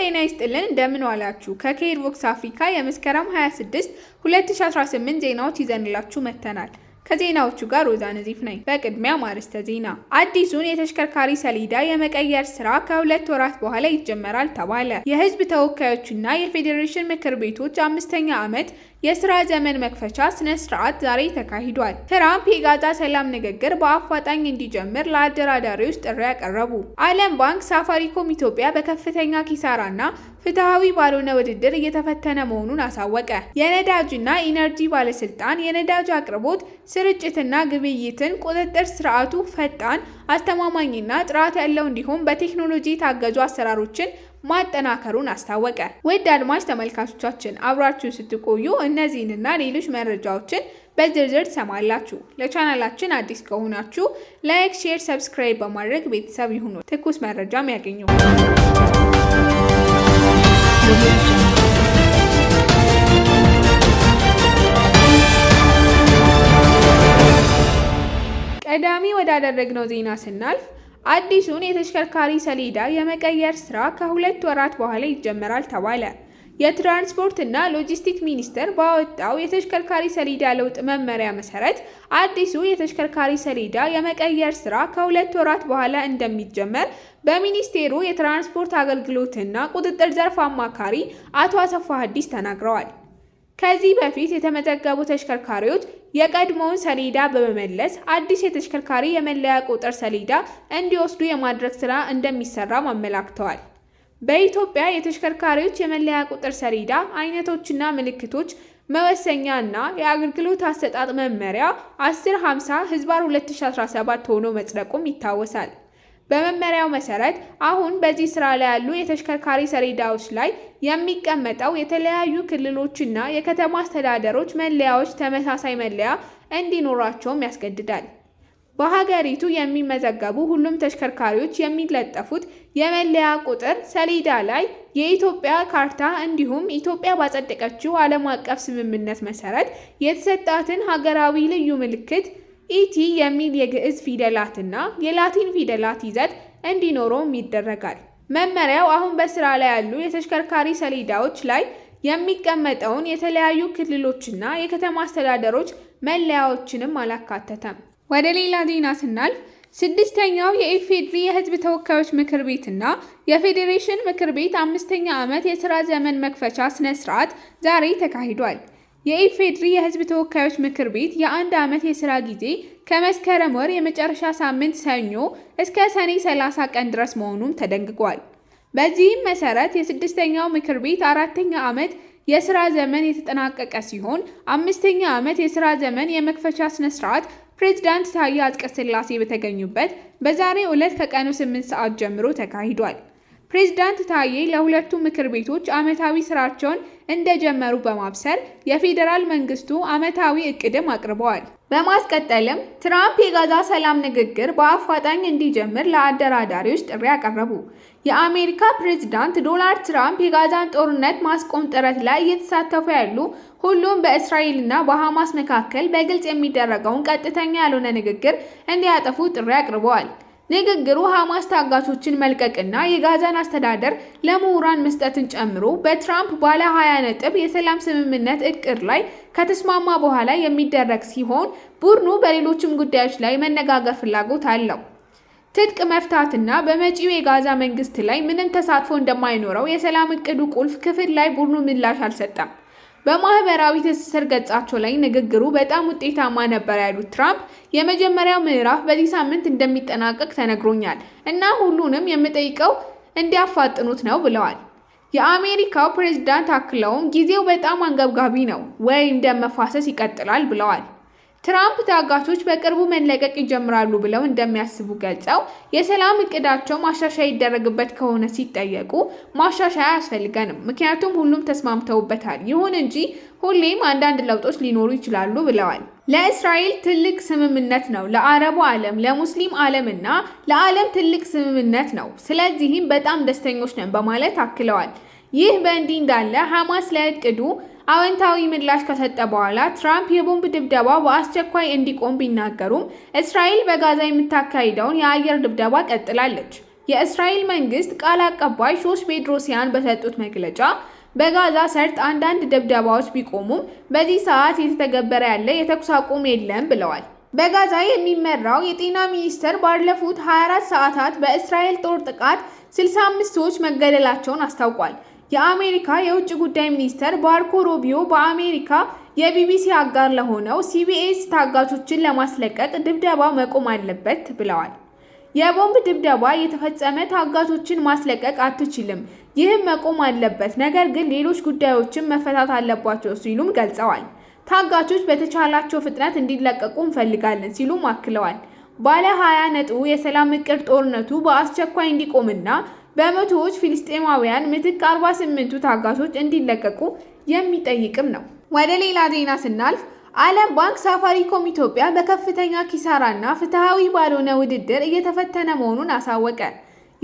ጤና ይስጥልን እንደምን ዋላችሁ። ከኬር ቦክስ አፍሪካ የመስከረም 26 2018 ዜናዎች ይዘንላችሁ መጥተናል። ከዜናዎቹ ጋር ወዛ ነዚፍ ነኝ። በቅድሚያ ማርስተ ዜና። አዲሱን የተሽከርካሪ ሰሌዳ የመቀየር ስራ ከሁለት ወራት በኋላ ይጀመራል ተባለ። የህዝብ ተወካዮችና የፌዴሬሽን ምክር ቤቶች አምስተኛ ዓመት የስራ ዘመን መክፈቻ ስነ ስርዓት ዛሬ ተካሂዷል። ትራምፕ የጋዛ ሰላም ንግግር በአፋጣኝ እንዲጀምር ለአደራዳሪዎች ጥሪ ያቀረቡ። ዓለም ባንክ ሳፋሪኮም ኢትዮጵያ በከፍተኛ ኪሳራና ፍትሐዊ ባልሆነ ውድድር እየተፈተነ መሆኑን አሳወቀ። የነዳጅና ኢነርጂ ባለስልጣን የነዳጅ አቅርቦት ስርጭትና ግብይትን ቁጥጥር ስርዓቱ ፈጣን፣ አስተማማኝና ጥራት ያለው እንዲሁም በቴክኖሎጂ የታገዙ አሰራሮችን ማጠናከሩን አስታወቀ። ውድ አድማጭ ተመልካቾቻችን አብራችሁ ስትቆዩ እነዚህንና ሌሎች መረጃዎችን በዝርዝር ትሰማላችሁ። ለቻናላችን አዲስ ከሆናችሁ ላይክ፣ ሼር፣ ሰብስክራይብ በማድረግ ቤተሰብ ይሁኑ። ትኩስ መረጃም ያገኙ። ቀዳሚ ወዳደረግነው ዜና ስናልፍ አዲሱን የተሽከርካሪ ሰሌዳ የመቀየር ስራ ከሁለት ወራት በኋላ ይጀመራል ተባለ። የትራንስፖርትና ሎጂስቲክ ሚኒስቴር ባወጣው የተሽከርካሪ ሰሌዳ ለውጥ መመሪያ መሰረት አዲሱ የተሽከርካሪ ሰሌዳ የመቀየር ስራ ከሁለት ወራት በኋላ እንደሚጀመር በሚኒስቴሩ የትራንስፖርት አገልግሎትና ቁጥጥር ዘርፍ አማካሪ አቶ አሰፋ ሀዲስ ተናግረዋል። ከዚህ በፊት የተመዘገቡ ተሽከርካሪዎች የቀድሞውን ሰሌዳ በመመለስ አዲስ የተሽከርካሪ የመለያ ቁጥር ሰሌዳ እንዲወስዱ የማድረግ ስራ እንደሚሰራም አመላክተዋል። በኢትዮጵያ የተሽከርካሪዎች የመለያ ቁጥር ሰሌዳ አይነቶችና ምልክቶች መወሰኛ እና የአገልግሎት አሰጣጥ መመሪያ 1050 ህዝባር 2017 ሆኖ መጽደቁም ይታወሳል። በመመሪያው መሰረት አሁን በዚህ ስራ ላይ ያሉ የተሽከርካሪ ሰሌዳዎች ላይ የሚቀመጠው የተለያዩ ክልሎችና የከተማ አስተዳደሮች መለያዎች ተመሳሳይ መለያ እንዲኖራቸውም ያስገድዳል። በሀገሪቱ የሚመዘገቡ ሁሉም ተሽከርካሪዎች የሚለጠፉት የመለያ ቁጥር ሰሌዳ ላይ የኢትዮጵያ ካርታ እንዲሁም ኢትዮጵያ ባጸደቀችው ዓለም አቀፍ ስምምነት መሰረት የተሰጣትን ሀገራዊ ልዩ ምልክት ኢቲ የሚል የግዕዝ ፊደላትና የላቲን ፊደላት ይዘት እንዲኖረውም ይደረጋል። መመሪያው አሁን በስራ ላይ ያሉ የተሽከርካሪ ሰሌዳዎች ላይ የሚቀመጠውን የተለያዩ ክልሎችና የከተማ አስተዳደሮች መለያዎችንም አላካተተም። ወደ ሌላ ዜና ስናልፍ ስድስተኛው የኢፌድሪ የህዝብ ተወካዮች ምክር ቤትና የፌዴሬሽን ምክር ቤት አምስተኛ ዓመት የሥራ ዘመን መክፈቻ ስነ ሥርዓት ዛሬ ተካሂዷል። የኢፌድሪ የህዝብ ተወካዮች ምክር ቤት የአንድ ዓመት የሥራ ጊዜ ከመስከረም ወር የመጨረሻ ሳምንት ሰኞ እስከ ሰኔ 30 ቀን ድረስ መሆኑም ተደንግጓል። በዚህም መሰረት የስድስተኛው ምክር ቤት አራተኛ ዓመት የሥራ ዘመን የተጠናቀቀ ሲሆን አምስተኛ ዓመት የሥራ ዘመን የመክፈቻ ስነ ስርዓት ። ፕሬዝዳንት ታዬ አጽቀሥላሴ በተገኙበት በዛሬው ዕለት ከቀኑ 8 ሰዓት ጀምሮ ተካሂዷል። ፕሬዚዳንት ታዬ ለሁለቱ ምክር ቤቶች ዓመታዊ ስራቸውን እንደጀመሩ በማብሰር የፌዴራል መንግስቱ ዓመታዊ እቅድም አቅርበዋል። በማስቀጠልም ትራምፕ የጋዛ ሰላም ንግግር በአፋጣኝ እንዲጀምር ለአደራዳሪዎች ጥሪ አቀረቡ። የአሜሪካ ፕሬዝዳንት ዶናልድ ትራምፕ የጋዛን ጦርነት ማስቆም ጥረት ላይ እየተሳተፉ ያሉ ሁሉም በእስራኤልና በሐማስ መካከል በግልጽ የሚደረገውን ቀጥተኛ ያልሆነ ንግግር እንዲያጠፉ ጥሪ አቅርበዋል። ንግግሩ ሐማስ ታጋቾችን መልቀቅና የጋዛን አስተዳደር ለምሁራን መስጠትን ጨምሮ በትራምፕ ባለ 20 ነጥብ የሰላም ስምምነት እቅድ ላይ ከተስማማ በኋላ የሚደረግ ሲሆን ቡድኑ በሌሎችም ጉዳዮች ላይ መነጋገር ፍላጎት አለው። ትጥቅ መፍታትና በመጪው የጋዛ መንግስት ላይ ምንም ተሳትፎ እንደማይኖረው የሰላም እቅዱ ቁልፍ ክፍል ላይ ቡድኑ ምላሽ አልሰጠም። በማህበራዊ ትስስር ገጻቸው ላይ ንግግሩ በጣም ውጤታማ ነበር ያሉት ትራምፕ የመጀመሪያው ምዕራፍ በዚህ ሳምንት እንደሚጠናቀቅ ተነግሮኛል እና ሁሉንም የምጠይቀው እንዲያፋጥኑት ነው ብለዋል። የአሜሪካው ፕሬዝዳንት አክለውም ጊዜው በጣም አንገብጋቢ ነው፣ ወይም ደም መፋሰስ ይቀጥላል ብለዋል። ትራምፕ ታጋቾች በቅርቡ መለቀቅ ይጀምራሉ ብለው እንደሚያስቡ ገልጸው የሰላም እቅዳቸው ማሻሻያ ይደረግበት ከሆነ ሲጠየቁ ማሻሻያ አያስፈልገንም፣ ምክንያቱም ሁሉም ተስማምተውበታል። ይሁን እንጂ ሁሌም አንዳንድ ለውጦች ሊኖሩ ይችላሉ ብለዋል። ለእስራኤል ትልቅ ስምምነት ነው። ለአረቡ ዓለም፣ ለሙስሊም ዓለም እና ለዓለም ትልቅ ስምምነት ነው። ስለዚህም በጣም ደስተኞች ነን በማለት አክለዋል። ይህ በእንዲህ እንዳለ ሐማስ ለእቅዱ አዎንታዊ ምላሽ ከሰጠ በኋላ ትራምፕ የቦምብ ድብደባ በአስቸኳይ እንዲቆም ቢናገሩም እስራኤል በጋዛ የምታካሂደውን የአየር ድብደባ ቀጥላለች። የእስራኤል መንግስት ቃል አቀባይ ሾስ ቤድሮሲያን በሰጡት መግለጫ በጋዛ ሰርጥ አንዳንድ ድብደባዎች ቢቆሙም በዚህ ሰዓት እየተተገበረ ያለ የተኩስ አቁም የለም ብለዋል። በጋዛ የሚመራው የጤና ሚኒስቴር ባለፉት 24 ሰዓታት በእስራኤል ጦር ጥቃት 65 ሰዎች መገደላቸውን አስታውቋል። የአሜሪካ የውጭ ጉዳይ ሚኒስተር ማርኮ ሮቢዮ በአሜሪካ የቢቢሲ አጋር ለሆነው ሲቢኤስ ታጋቾችን ለማስለቀቅ ድብደባ መቆም አለበት ብለዋል። የቦምብ ድብደባ የተፈጸመ ታጋቾችን ማስለቀቅ አትችልም፣ ይህም መቆም አለበት፣ ነገር ግን ሌሎች ጉዳዮችን መፈታት አለባቸው ሲሉም ገልጸዋል። ታጋቾች በተቻላቸው ፍጥነት እንዲለቀቁ እንፈልጋለን ሲሉም አክለዋል። ባለ 20 ነጥቡ የሰላም እቅድ ጦርነቱ በአስቸኳይ እንዲቆምና በመቶዎች ፊልስጤማውያን ምትክ 48ቱ ታጋቾች እንዲለቀቁ የሚጠይቅም ነው። ወደ ሌላ ዜና ስናልፍ ዓለም ባንክ ሳፋሪኮም ኢትዮጵያ በከፍተኛ ኪሳራና ፍትሐዊ ባልሆነ ውድድር እየተፈተነ መሆኑን አሳወቀ።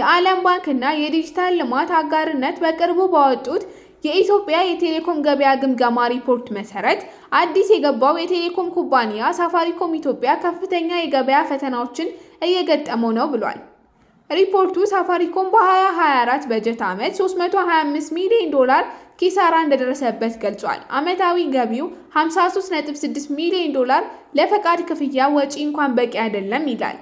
የዓለም ባንክና የዲጂታል ልማት አጋርነት በቅርቡ ባወጡት የኢትዮጵያ የቴሌኮም ገበያ ግምገማ ሪፖርት መሰረት አዲስ የገባው የቴሌኮም ኩባንያ ሳፋሪኮም ኢትዮጵያ ከፍተኛ የገበያ ፈተናዎችን እየገጠመው ነው ብሏል። ሪፖርቱ ሳፋሪኮም በ2024 በጀት ዓመት 325 ሚሊዮን ዶላር ኪሳራ እንደደረሰበት ገልጿል። ዓመታዊ ገቢው 53.6 ሚሊዮን ዶላር ለፈቃድ ክፍያ ወጪ እንኳን በቂ አይደለም ይላል።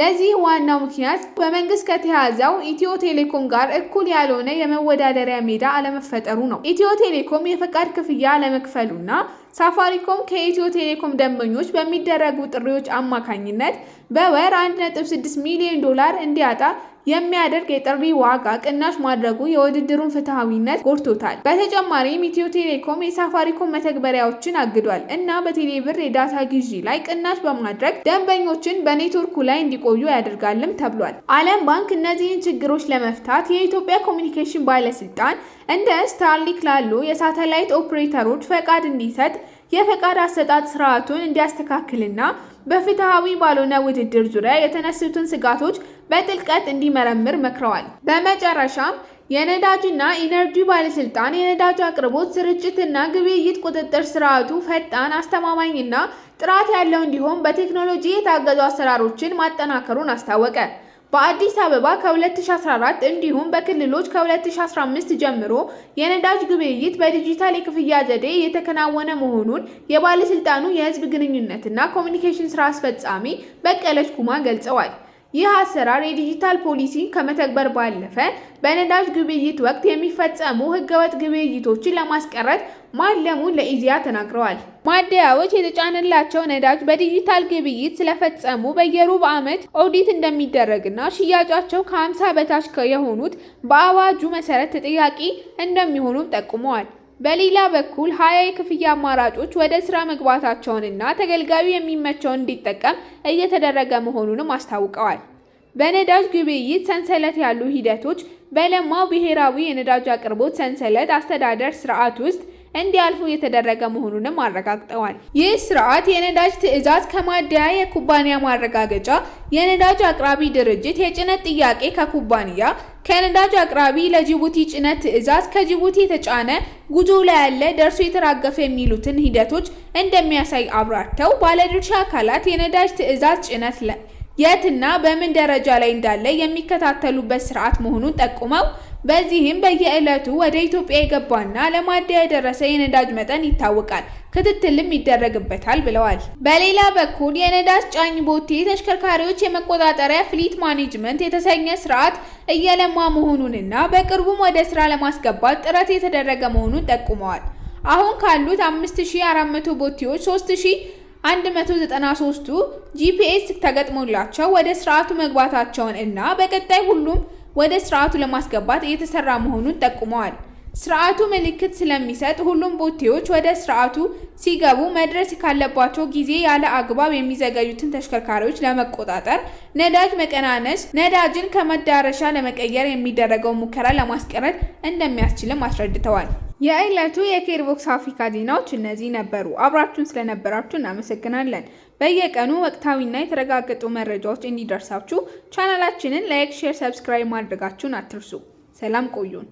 ለዚህ ዋናው ምክንያት በመንግስት ከተያዘው ኢትዮ ቴሌኮም ጋር እኩል ያልሆነ የመወዳደሪያ ሜዳ አለመፈጠሩ ነው። ኢትዮ ቴሌኮም የፈቃድ ክፍያ አለመክፈሉና ሳፋሪኮም ከኢትዮ ቴሌኮም ደንበኞች በሚደረጉ ጥሪዎች አማካኝነት በወር 1.6 ሚሊዮን ዶላር እንዲያጣ የሚያደርግ የጥሪ ዋጋ ቅናሽ ማድረጉ የውድድሩን ፍትሐዊነት ጎድቶታል። በተጨማሪም ኢትዮ ቴሌኮም የሳፋሪኮም መተግበሪያዎችን አግዷል እና በቴሌብር የዳታ ግዢ ላይ ቅናሽ በማድረግ ደንበኞችን በኔትወርኩ ላይ እንዲቆዩ ያደርጋልም ተብሏል። ዓለም ባንክ እነዚህን ችግሮች ለመፍታት የኢትዮጵያ ኮሚኒኬሽን ባለስልጣን እንደ ስታርሊክ ላሉ የሳተላይት ኦፕሬተሮች ፈቃድ እንዲሰጥ የፈቃድ አሰጣጥ ስርዓቱን እንዲያስተካክልና በፍትሐዊ ባልሆነ ውድድር ዙሪያ የተነሱትን ስጋቶች በጥልቀት እንዲመረምር መክረዋል። በመጨረሻም የነዳጅና ኢነርጂ ባለስልጣን የነዳጅ አቅርቦት ስርጭትና ግብይት ቁጥጥር ስርዓቱ ፈጣን፣ አስተማማኝና ጥራት ያለው እንዲሆን በቴክኖሎጂ የታገዙ አሰራሮችን ማጠናከሩን አስታወቀ። በአዲስ አበባ ከ2014 እንዲሁም በክልሎች ከ2015 ጀምሮ የነዳጅ ግብይት በዲጂታል የክፍያ ዘዴ የተከናወነ መሆኑን የባለስልጣኑ የህዝብ ግንኙነትና ኮሚኒኬሽን ስራ አስፈጻሚ በቀለች ኩማ ገልጸዋል። ይህ አሰራር የዲጂታል ፖሊሲን ከመተግበር ባለፈ በነዳጅ ግብይት ወቅት የሚፈጸሙ ህገወጥ ግብይቶችን ለማስቀረት ማለሙን ለኢዜአ ተናግረዋል። ማደያዎች የተጫነላቸው ነዳጅ በዲጂታል ግብይት ስለፈጸሙ በየሩብ ዓመት ኦዲት እንደሚደረግና ሽያጫቸው ከ50 በታች የሆኑት በአዋጁ መሰረት ተጠያቂ እንደሚሆኑም ጠቁመዋል። በሌላ በኩል ሀያ የክፍያ አማራጮች ወደ ስራ መግባታቸውንና ተገልጋዩ የሚመቸውን እንዲጠቀም እየተደረገ መሆኑንም አስታውቀዋል። በነዳጅ ግብይት ሰንሰለት ያሉ ሂደቶች በለማው ብሔራዊ የነዳጅ አቅርቦት ሰንሰለት አስተዳደር ስርዓት ውስጥ እንዲያልፉ የተደረገ መሆኑንም አረጋግጠዋል። ይህ ስርዓት የነዳጅ ትዕዛዝ ከማደያ የኩባንያ ማረጋገጫ፣ የነዳጅ አቅራቢ ድርጅት የጭነት ጥያቄ ከኩባንያ ከነዳጅ አቅራቢ ለጅቡቲ ጭነት ትዕዛዝ ከጅቡቲ የተጫነ ጉዞ ላይ ያለ ደርሶ የተራገፈ የሚሉትን ሂደቶች እንደሚያሳይ አብራርተው ባለድርሻ አካላት የነዳጅ ትዕዛዝ ጭነት የትና በምን ደረጃ ላይ እንዳለ የሚከታተሉበት ስርዓት መሆኑን ጠቁመው በዚህም በየዕለቱ ወደ ኢትዮጵያ የገባና ለማደያ የደረሰ የነዳጅ መጠን ይታወቃል፣ ክትትልም ይደረግበታል ብለዋል። በሌላ በኩል የነዳጅ ጫኝ ቦቴ ተሽከርካሪዎች የመቆጣጠሪያ ፍሊት ማኔጅመንት የተሰኘ ስርዓት እየለማ መሆኑንና በቅርቡም ወደ ስራ ለማስገባት ጥረት የተደረገ መሆኑን ጠቁመዋል። አሁን ካሉት 5400 ቦቴዎች 3193ቱ ጂፒኤስ ተገጥሞላቸው ወደ ስርዓቱ መግባታቸውን እና በቀጣይ ሁሉም ወደ ስርዓቱ ለማስገባት እየተሰራ መሆኑን ጠቁመዋል። ስርዓቱ ምልክት ስለሚሰጥ ሁሉም ቦቴዎች ወደ ስርዓቱ ሲገቡ መድረስ ካለባቸው ጊዜ ያለ አግባብ የሚዘገዩትን ተሽከርካሪዎች ለመቆጣጠር፣ ነዳጅ መቀናነስ፣ ነዳጅን ከመዳረሻ ለመቀየር የሚደረገው ሙከራ ለማስቀረት እንደሚያስችልም አስረድተዋል። የዕለቱ የኬርቦክስ አፍሪካ ዜናዎች እነዚህ ነበሩ። አብራችሁን ስለነበራችሁ እናመሰግናለን። በየቀኑ ወቅታዊና የተረጋገጡ መረጃዎች እንዲደርሳችሁ ቻናላችንን ላይክ፣ ሼር፣ ሰብስክራይብ ማድረጋችሁን አትርሱ። ሰላም ቆዩን።